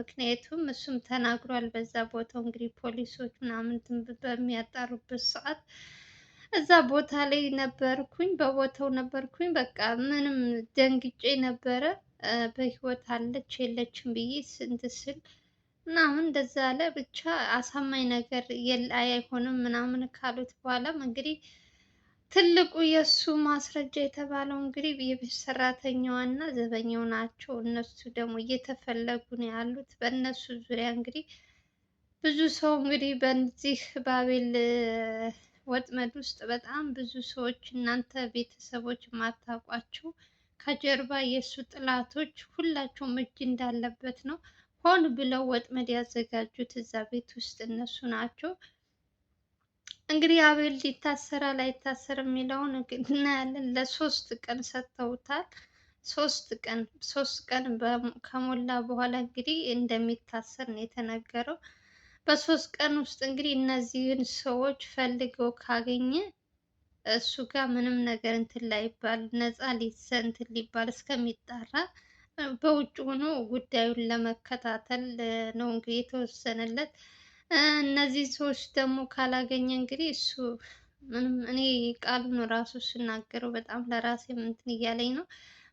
ምክንያቱም እሱም ተናግሯል። በዛ ቦታው እንግዲህ ፖሊሶች ምናምን በሚያጣሩበት ሰዓት እዛ ቦታ ላይ ነበርኩኝ፣ በቦታው ነበርኩኝ። በቃ ምንም ደንግጬ ነበረ። በህይወት አለች የለችም ብዬ ስንት ስል ምናምን እንደዛ አለ። ብቻ አሳማኝ ነገር አይሆንም ምናምን ካሉት በኋላም እንግዲህ ትልቁ የእሱ ማስረጃ የተባለው እንግዲህ የቤት ሰራተኛዋ እና ዘበኛው ናቸው። እነሱ ደግሞ እየተፈለጉ ነው ያሉት። በእነሱ ዙሪያ እንግዲህ ብዙ ሰው እንግዲህ በዚህ ባቤል ወጥመድ ውስጥ በጣም ብዙ ሰዎች እናንተ ቤተሰቦች የማታውቋቸው ከጀርባ የእሱ ጥላቶች ሁላቸውም እጅ እንዳለበት ነው። ሆን ብለው ወጥመድ ያዘጋጁት እዛ ቤት ውስጥ እነሱ ናቸው። እንግዲህ አቤል ይታሰራል አይታሰር የሚለውን እናያለን። ለሶስት ቀን ሰጥተውታል። ሶስት ቀን ሶስት ቀን ከሞላ በኋላ እንግዲህ እንደሚታሰር ነው የተነገረው። በሶስት ቀን ውስጥ እንግዲህ እነዚህን ሰዎች ፈልገው ካገኘ እሱ ጋር ምንም ነገር እንትን ላይባል ነፃ ሊሰ እንትን ሊባል እስከሚጣራ በውጭ ሆኖ ጉዳዩን ለመከታተል ነው እንግዲህ የተወሰነለት። እነዚህ ሰዎች ደግሞ ካላገኘ እንግዲህ እሱ ምንም እኔ ቃሉን ራሱ ስናገረው በጣም ለራሴ እንትን እያለኝ ነው።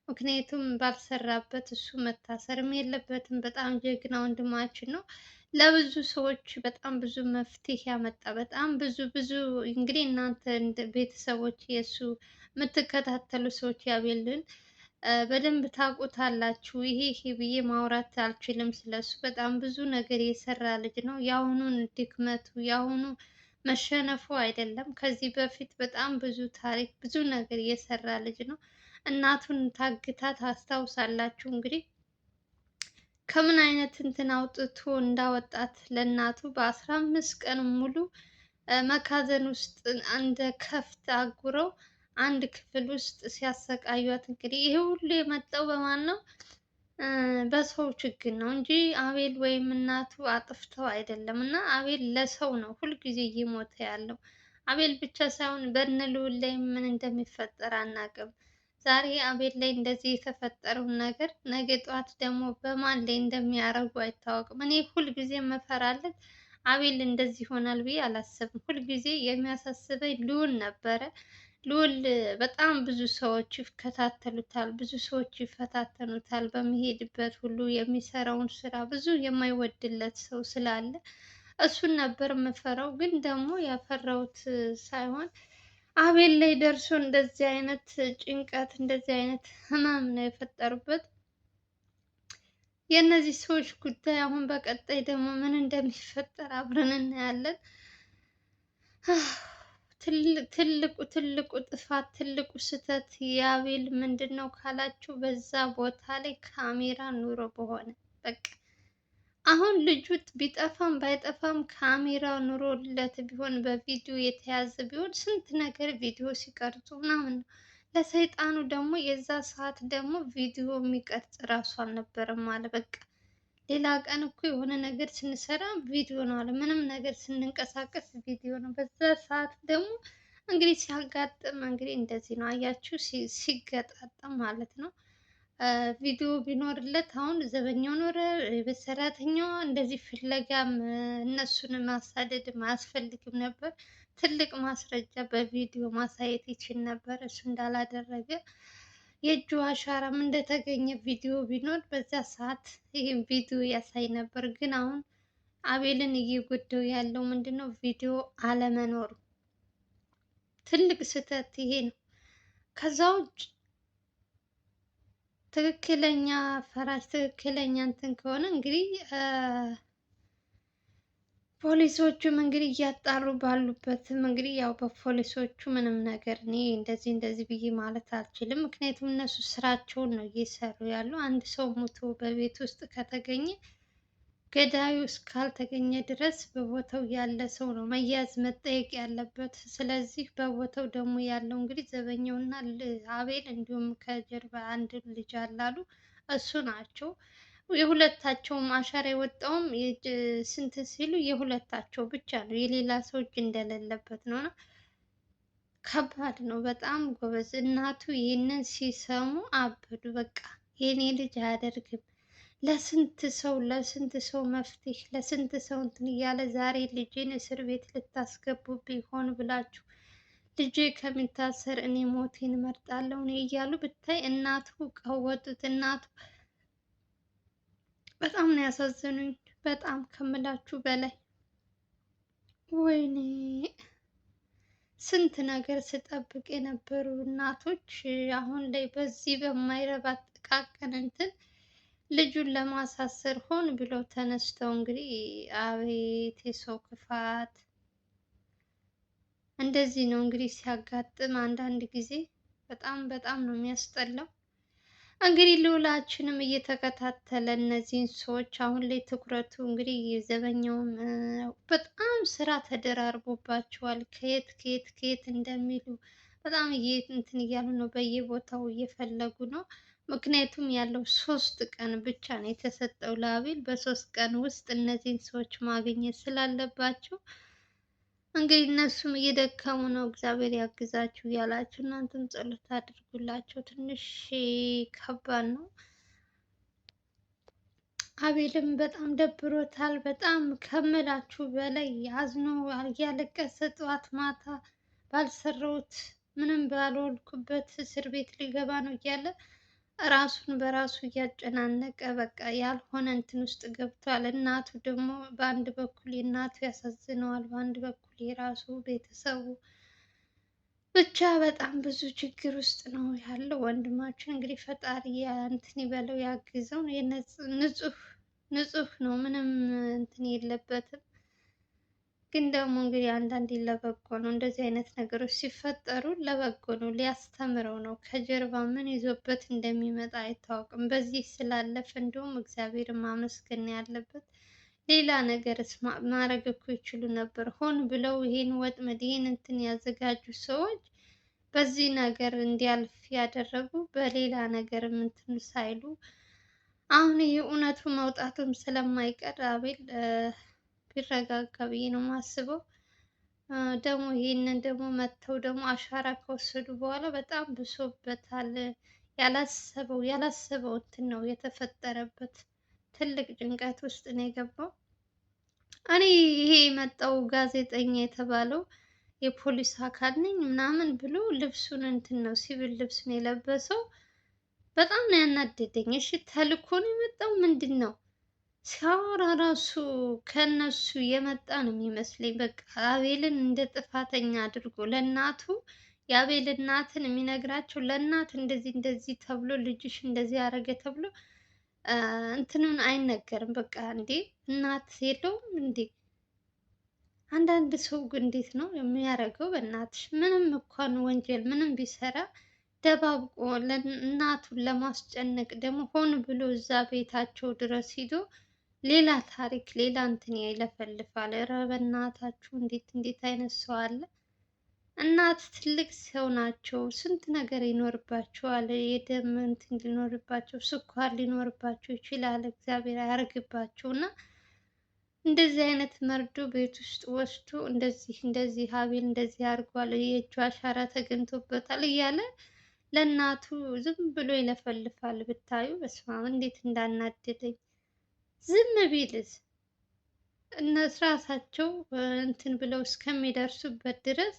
ምክንያቱም ባልሰራበት እሱ መታሰርም የለበትም። በጣም ጀግና ወንድማችን ነው። ለብዙ ሰዎች በጣም ብዙ መፍትሄ ያመጣ በጣም ብዙ ብዙ እንግዲህ እናንተ ቤተሰቦች የእሱ የምትከታተሉ ሰዎች ያቤልን በደንብ ታውቁታላችሁ። ይሄ ይሄ ብዬ ማውራት አልችልም ስለሱ። በጣም ብዙ ነገር የሰራ ልጅ ነው። የአሁኑን ድክመቱ የአሁኑ መሸነፉ አይደለም። ከዚህ በፊት በጣም ብዙ ታሪክ ብዙ ነገር የሰራ ልጅ ነው። እናቱን ታግታ ታስታውሳላችሁ። እንግዲህ ከምን አይነት እንትን አውጥቶ እንዳወጣት ለእናቱ በአስራ አምስት ቀን ሙሉ መካዘን ውስጥ እንደ ከፍት አጉረው አንድ ክፍል ውስጥ ሲያሰቃዩት እንግዲህ ይሄ ሁሉ የመጣው በማን ነው? በሰው ችግር ነው እንጂ አቤል ወይም እናቱ አጥፍተው አይደለም። እና አቤል ለሰው ነው ሁልጊዜ እየሞተ ያለው። አቤል ብቻ ሳይሆን በእነ ልዑል ላይ ምን እንደሚፈጠር አናቅም ዛሬ አቤል ላይ እንደዚህ የተፈጠረውን ነገር ነገ ጠዋት ደግሞ በማን ላይ እንደሚያደርጉ አይታወቅም። እኔ ሁልጊዜ መፈራለት አቤል እንደዚህ ይሆናል ብዬ አላሰብም። ሁልጊዜ የሚያሳስበኝ ልዑል ነበረ። ልዑል በጣም ብዙ ሰዎች ይከታተሉታል፣ ብዙ ሰዎች ይፈታተኑታል። በሚሄድበት ሁሉ የሚሰራውን ስራ ብዙ የማይወድለት ሰው ስላለ እሱን ነበር የምፈራው። ግን ደግሞ ያፈራሁት ሳይሆን አቤል ላይ ደርሶ እንደዚህ አይነት ጭንቀት፣ እንደዚህ አይነት ህመም ነው የፈጠሩበት። የእነዚህ ሰዎች ጉዳይ አሁን በቀጣይ ደግሞ ምን እንደሚፈጠር አብረን እናያለን። ትልቁ ትልቁ ጥፋት ትልቁ ስህተት የአቤል ምንድን ነው ካላችሁ፣ በዛ ቦታ ላይ ካሜራ ኑሮ በሆነ በቃ አሁን ልጁ ቢጠፋም ባይጠፋም ካሜራ ኑሮለት ቢሆን በቪዲዮ የተያዘ ቢሆን ስንት ነገር ቪዲዮ ሲቀርጹ ምናምን ነው። ለሰይጣኑ ደግሞ የዛ ሰዓት ደግሞ ቪዲዮ የሚቀርጽ ራሱ አልነበረም አለ በቃ ሌላ ቀን እኮ የሆነ ነገር ስንሰራ ቪዲዮ ነው አለ። ምንም ነገር ስንንቀሳቀስ ቪዲዮ ነው። በዛ ሰዓት ደግሞ እንግዲህ ሲያጋጥም እንግዲህ እንደዚህ ነው አያችሁ፣ ሲገጣጠም ማለት ነው። ቪዲዮ ቢኖርለት አሁን ዘበኛው ኖረ በሰራተኛዋ እንደዚህ ፍለጋም እነሱን ማሳደድም አያስፈልግም ነበር። ትልቅ ማስረጃ በቪዲዮ ማሳየት ይችል ነበር እሱ እንዳላደረገ የእጁ አሻራም እንደተገኘ ቪዲዮ ቢኖር በዛ ሰዓት ይህም ቪዲዮ ያሳይ ነበር። ግን አሁን አቤልን እየጎዳው ያለው ምንድነው? ቪዲዮ አለመኖሩ ትልቅ ስህተት ይሄ ነው። ከዛ ውጭ ትክክለኛ ፈራጅ ትክክለኛ እንትን ከሆነ እንግዲህ ፖሊሶቹም እንግዲህ እያጣሩ ባሉበትም እንግዲህ ያው በፖሊሶቹ ምንም ነገር እኔ እንደዚህ እንደዚህ ብዬ ማለት አልችልም። ምክንያቱም እነሱ ስራቸውን ነው እየሰሩ ያሉ። አንድ ሰው ሞቶ በቤት ውስጥ ከተገኘ ገዳዩ እስካልተገኘ ድረስ በቦታው ያለ ሰው ነው መያዝ መጠየቅ ያለበት። ስለዚህ በቦታው ደግሞ ያለው እንግዲህ ዘበኛውና አቤል እንዲሁም ከጀርባ አንድ ልጅ አላሉ እሱ ናቸው። የሁለታቸውም አሻራ የወጣውም ስንት ሲሉ የሁለታቸው ብቻ ነው። የሌላ ሰው እጅ እንደሌለበት ነው። እና ከባድ ነው በጣም ጎበዝ። እናቱ ይህንን ሲሰሙ አበዱ። በቃ የኔ ልጅ አያደርግም። ለስንት ሰው ለስንት ሰው መፍትሄ ለስንት ሰው እንትን እያለ ዛሬ ልጄን እስር ቤት ልታስገቡብኝ ሆን ብላችሁ ልጄ ከሚታሰር እኔ ሞቴን እመርጣለሁ እኔ እያሉ ብታይ እናቱ ቀወጡት እናቱ በጣም ነው ያሳዘኑኝ። በጣም ከምላችሁ በላይ ወይኔ ስንት ነገር ስጠብቅ የነበሩ እናቶች አሁን ላይ በዚህ በማይረባ ጥቃቅን እንትን ልጁን ለማሳሰር ሆን ብለው ተነስተው እንግዲህ አቤት የሰው ክፋት! እንደዚህ ነው እንግዲህ ሲያጋጥም አንዳንድ ጊዜ በጣም በጣም ነው የሚያስጠላው። እንግዲህ ልዑላችንም እየተከታተለ እነዚህን ሰዎች አሁን ላይ ትኩረቱ እንግዲህ ዘበኛውም በጣም ስራ ተደራርቦባቸዋል። ከየት ከየት ከየት እንደሚሉ በጣም እንትን እያሉ ነው፣ በየቦታው እየፈለጉ ነው። ምክንያቱም ያለው ሶስት ቀን ብቻ ነው የተሰጠው ለአቤል። በሶስት ቀን ውስጥ እነዚህን ሰዎች ማግኘት ስላለባቸው እንግዲህ እነሱም እየደከሙ ነው። እግዚአብሔር ያግዛችሁ እያላችሁ እናንተም ጸሎት አድርጉላቸው። ትንሽ ከባድ ነው። አቤልም በጣም ደብሮታል። በጣም ከምላችሁ በላይ አዝኖ እያለቀሰ ጠዋት ማታ ባልሰራሁት ምንም ባልወልኩበት እስር ቤት ሊገባ ነው እያለ ራሱን በራሱ እያጨናነቀ በቃ ያልሆነ እንትን ውስጥ ገብቷል። እናቱ ደግሞ በአንድ በኩል እናቱ ያሳዝነዋል፣ በአንድ በኩል የራሱ ቤተሰቡ ብቻ በጣም ብዙ ችግር ውስጥ ነው ያለው ወንድማችን። እንግዲህ ፈጣሪ እንትን ይበለው ያግዘው። ንጹህ ንጹህ ነው፣ ምንም እንትን የለበትም። ግን ደግሞ እንግዲህ አንዳንዴ ለበጎ ነው እንደዚህ አይነት ነገሮች ሲፈጠሩ ለበጎ ነው፣ ሊያስተምረው ነው። ከጀርባ ምን ይዞበት እንደሚመጣ አይታወቅም። በዚህ ስላለፈ እንደውም እግዚአብሔር ማመስገን ያለበት። ሌላ ነገርስ ማድረግ እኮ ይችሉ ነበር። ሆን ብለው ይሄን ወጥመድ ይሄን እንትን ያዘጋጁ ሰዎች በዚህ ነገር እንዲያልፍ ያደረጉ በሌላ ነገር እንትን ሳይሉ አሁን ይህ እውነቱ መውጣቱም ስለማይቀር አቤል ቢረጋጋ ብዬ ነው የማስበው። ደግሞ ይህንን ደግሞ መጥተው ደግሞ አሻራ ከወሰዱ በኋላ በጣም ብሶበታል። ያላሰበው ያላሰበው እንትን ነው የተፈጠረበት። ትልቅ ጭንቀት ውስጥ ነው የገባው። እኔ ይሄ የመጣው ጋዜጠኛ የተባለው የፖሊስ አካል ነኝ ምናምን ብሎ ልብሱን እንትን ነው ሲቪል ልብሱን የለበሰው። በጣም ነው ያናደደኝ። እሺ ተልኮ ነው የመጣው ምንድን ነው? ሲያወራ ራሱ ከነሱ የመጣ ነው የሚመስለኝ። በቃ አቤልን እንደ ጥፋተኛ አድርጎ ለእናቱ የአቤል እናትን የሚነግራቸው ለእናት እንደዚህ እንደዚህ ተብሎ ልጅሽ እንደዚህ ያደረገ ተብሎ እንትኑን አይነገርም። በቃ እንዴ እናት የለውም እንዴ? አንዳንድ ሰው እንዴት ነው የሚያደርገው? በእናትሽ ምንም እንኳን ወንጀል ምንም ቢሰራ ደባብቆ እናቱን ለማስጨነቅ ደግሞ ሆን ብሎ እዛ ቤታቸው ድረስ ሂዶ ሌላ ታሪክ ሌላ እንትን ይለፈልፋል። ኧረ በእናታችሁ እንዴት እንዴት አይነት ሰው አለ! እናት ትልቅ ሰው ናቸው። ስንት ነገር ይኖርባቸዋል። የደም እንትን ሊኖርባቸው፣ ስኳር ሊኖርባቸው ይችላል። እግዚአብሔር ያርግባቸው እና እንደዚህ አይነት መርዶ ቤት ውስጥ ወስዶ እንደዚህ እንደዚህ ሀቤል እንደዚህ አድርጓል፣ የእጁ አሻራ ተገኝቶበታል እያለ ለእናቱ ዝም ብሎ ይለፈልፋል። ብታዩ በስመ አብ እንዴት እንዳናደደኝ ዝም ቢልስ እነሱ ራሳቸው እንትን ብለው እስከሚደርሱበት ድረስ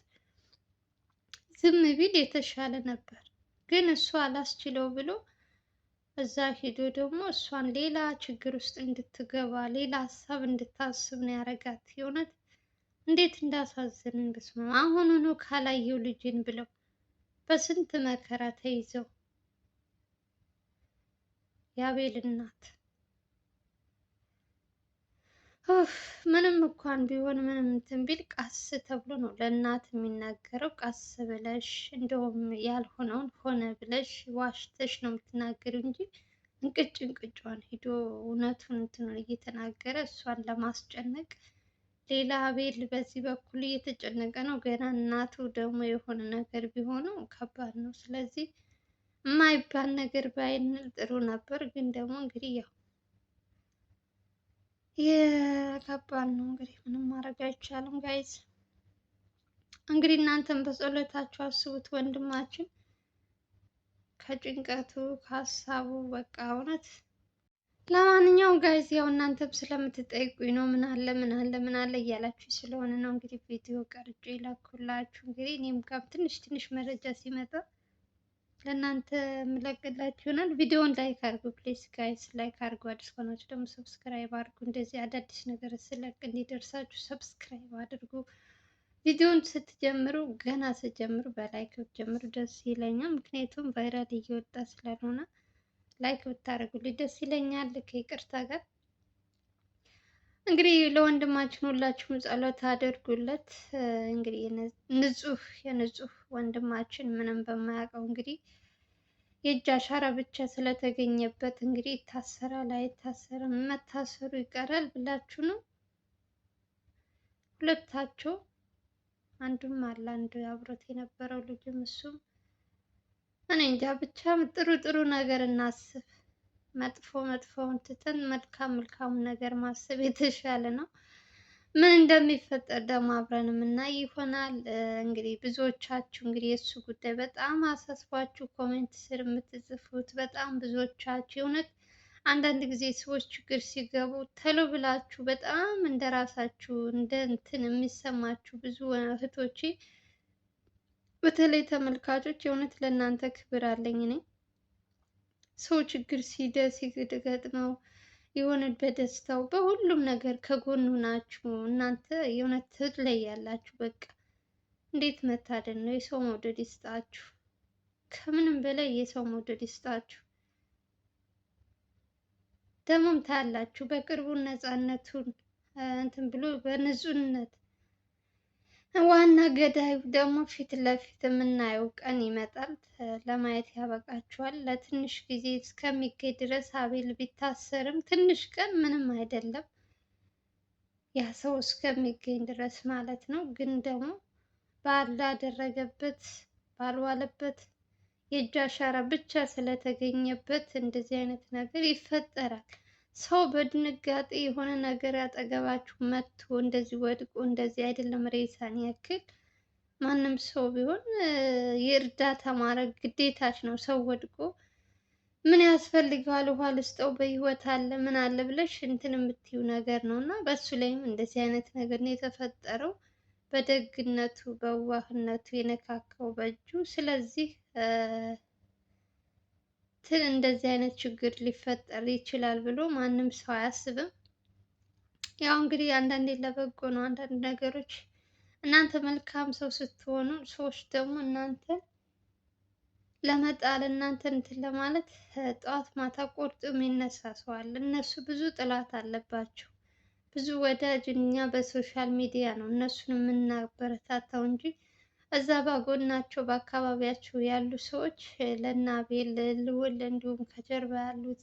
ዝም ቢል የተሻለ ነበር። ግን እሱ አላስችለው ብሎ እዛ ሂዶ ደግሞ እሷን ሌላ ችግር ውስጥ እንድትገባ ሌላ ሀሳብ እንድታስብ ነው ያደረጋት። የእውነት እንዴት እንዳሳዝንን በስመ አብ። አሁኑኑ ካላየው ልጅን ብለው በስንት መከራ ተይዘው የአቤል እናት ምንም እንኳን ቢሆን ምንም እንትን ቢል ቀስ ተብሎ ነው ለእናት የሚናገረው። ቀስ ብለሽ እንደውም ያልሆነውን ሆነ ብለሽ ዋሽተሽ ነው የምትናገሪው እንጂ እንቅጭ እንቅጯን ሂዶ እውነቱን እንትኑን እየተናገረ እሷን ለማስጨነቅ ሌላ አቤል በዚህ በኩል እየተጨነቀ ነው። ገና እናቱ ደግሞ የሆነ ነገር ቢሆኑ ከባድ ነው። ስለዚህ የማይባል ነገር ባይንል ጥሩ ነበር፣ ግን ደግሞ እንግዲህ ያው የከባድ ነው እንግዲህ ምንም ማድረግ አይቻልም ጋይዝ። እንግዲህ እናንተም በጸሎታችሁ አስቡት ወንድማችን ከጭንቀቱ ከሀሳቡ በቃ እውነት። ለማንኛውም ጋይዝ ያው እናንተም ስለምትጠይቁኝ ነው ምን አለ ምን አለ ምን አለ እያላችሁ ስለሆነ ነው እንግዲህ ቪዲዮ ቀርጬ ላኩላችሁ። እንግዲህ እኔም ጋር ትንሽ ትንሽ መረጃ ሲመጣ ለእናንተ የምለቅላችሁ ይሆናል። ቪዲዮውን ላይክ አድርጉ ፕሊዝ ጋይስ፣ ላይክ አድርጉ። አዲስ ከሆናችሁ ደግሞ ሰብስክራይብ አድርጉ። እንደዚህ አዳዲስ ነገር ስለቅ እንዲደርሳችሁ ሰብስክራይብ አድርጉ። ቪዲዮውን ስትጀምሩ ገና ስትጀምሩ በላይክ ብትጀምሩ ደስ ይለኛል። ምክንያቱም ቫይራል እየወጣ ስለሆነ ላይክ ብታደርጉልኝ ደስ ይለኛል ከይቅርታ ጋር እንግዲህ ለወንድማችን ሁላችሁም ጸሎት አድርጉለት። እንግዲህ ንጹህ የንጹህ ወንድማችን ምንም በማያውቀው እንግዲህ የእጅ አሻራ ብቻ ስለተገኘበት እንግዲህ ይታሰራል አይታሰርም፣ መታሰሩ ይቀራል ብላችሁ ነው። ሁለታቸው አንዱም አለ አንዱ አብሮት የነበረው ልጅም እሱም እኔ እንጃ ብቻ ጥሩ ጥሩ ነገር እናስብ። መጥፎ መጥፎውን ትተን መልካም መልካሙን ነገር ማሰብ የተሻለ ነው። ምን እንደሚፈጠር ደግሞ አብረን የምናይ ይሆናል። እንግዲህ ብዙዎቻችሁ እንግዲህ የእሱ ጉዳይ በጣም አሳስቧችሁ ኮሜንት ስር የምትጽፉት በጣም ብዙዎቻችሁ የእውነት አንዳንድ ጊዜ ሰዎች ችግር ሲገቡ ተሎ ብላችሁ በጣም እንደራሳችሁ እንደ እንትን የሚሰማችሁ ብዙ እህቶቼ፣ በተለይ ተመልካቾች የእውነት ለእናንተ ክብር አለኝ እኔ። ሰው ችግር ሲገጥመው የሆነ በደስታው በሁሉም ነገር ከጎኑ ናችሁ እናንተ የእውነት ያላችሁ በቃ እንዴት መታደል ነው! የሰው መውደድ ይስጣችሁ። ከምንም በላይ የሰው መውደድ ይስጣችሁ። ደግሞም ታያላችሁ በቅርቡ ነፃነቱን እንትን ብሎ በንጹህነት ዋና ገዳዩ ደግሞ ፊት ለፊት የምናየው ቀን ይመጣል። ለማየት ያበቃችኋል። ለትንሽ ጊዜ እስከሚገኝ ድረስ አቤል ቢታሰርም ትንሽ ቀን ምንም አይደለም፣ ያ ሰው እስከሚገኝ ድረስ ማለት ነው። ግን ደግሞ ባላደረገበት ባልዋለበት የእጅ አሻራ ብቻ ስለተገኘበት እንደዚህ አይነት ነገር ይፈጠራል። ሰው በድንጋጤ የሆነ ነገር ያጠገባችሁ መጥቶ እንደዚህ ወድቆ እንደዚህ አይደለም ሬሳን ያክል ማንም ሰው ቢሆን የእርዳታ ማድረግ ግዴታች ነው። ሰው ወድቆ ምን ያስፈልገዋል? ውሃ ልስጠው፣ በህይወት አለ ምን አለ ብለሽ እንትን የምትዩ ነገር ነው እና በሱ ላይም እንደዚህ አይነት ነገር ነው የተፈጠረው። በደግነቱ በዋህነቱ የነካካው በእጁ ስለዚህ ትል እንደዚህ አይነት ችግር ሊፈጠር ይችላል ብሎ ማንም ሰው አያስብም። ያው እንግዲህ አንዳንዴ ለበጎ ነው አንዳንድ ነገሮች። እናንተ መልካም ሰው ስትሆኑ ሰዎች ደግሞ እናንተ ለመጣል እናንተ እንትን ለማለት ጠዋት ማታ ቆርጦ የሚነሳ ሰው አለ። እነሱ ብዙ ጥላት አለባቸው፣ ብዙ ወዳጅ። እኛ በሶሻል ሚዲያ ነው እነሱን የምናበረታታው እንጂ እዛ ባጎናቸው በአካባቢያቸው ያሉ ሰዎች ለናቤል አቤል ልውል እንዲሁም ከጀርባ ያሉት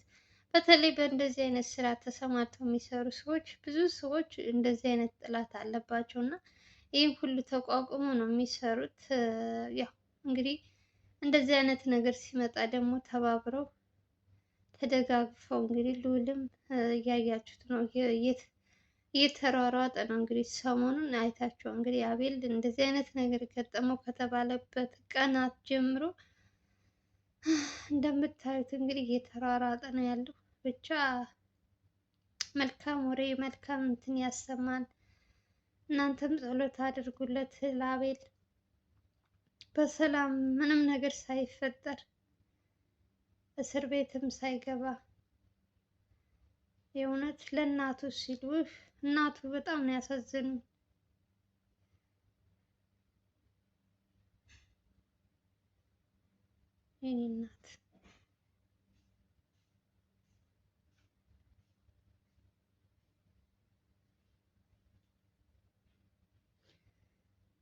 በተለይ በእንደዚህ አይነት ስራ ተሰማርተው የሚሰሩ ሰዎች ብዙ ሰዎች እንደዚህ አይነት ጥላት አለባቸው እና ይህን ሁሉ ተቋቁሞ ነው የሚሰሩት። ያው እንግዲህ እንደዚህ አይነት ነገር ሲመጣ ደግሞ ተባብረው ተደጋግፈው እንግዲህ ልውልም እያያችሁት ነው የት እየተሯሯጠ ነው። እንግዲህ ሰሞኑን አይታቸው እንግዲህ አቤል እንደዚህ አይነት ነገር ገጠመው ከተባለበት ቀናት ጀምሮ እንደምታዩት እንግዲህ እየተሯሯጠ ነው ያለው። ብቻ መልካም ወሬ መልካም እንትን ያሰማን። እናንተም ጸሎት አድርጉለት ለአቤል በሰላም ምንም ነገር ሳይፈጠር እስር ቤትም ሳይገባ የእውነት ለእናቱ ሲሉ እናቱ በጣም ነው ያሳዝኑ። የኔ እናት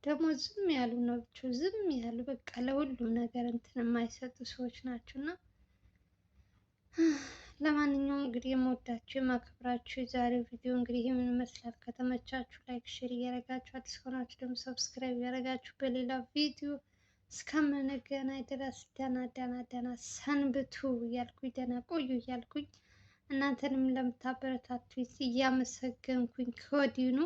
ደግሞ ዝም ያሉ ናቸው። ዝም ያሉ በቃ ለሁሉም ነገር እንትን የማይሰጡ ሰዎች ናቸው እና ለማንኛውም እንግዲህ የምወዳችሁ የማከብራችሁ የዛሬው ቪዲዮ እንግዲህ ይህን ይመስላል። ከተመቻችሁ ላይክ፣ ሼር እያደረጋችሁ አዲስ ከሆናችሁ ደግሞ ሰብስክራይብ እያደረጋችሁ በሌላ ቪዲዮ እስከምንገናኝ ድረስ ደና ደና ደና ሰንብቱ እያልኩኝ ደና ቆዩ እያልኩኝ እናንተንም ለምታበረታቱ እያመሰገንኩኝ ከወዲኑ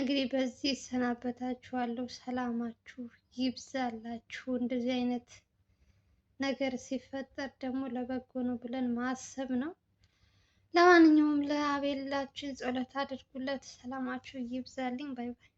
እንግዲህ በዚህ እሰናበታችኋለሁ። ሰላማችሁ ይብዛላችሁ። እንደዚህ አይነት ነገር ሲፈጠር ደግሞ ለበጎ ነው ብለን ማሰብ ነው። ለማንኛውም ለአቤላችን ጸሎት አድርጉለት። ሰላማችሁ ይብዛልኝ። ባይ ባይ።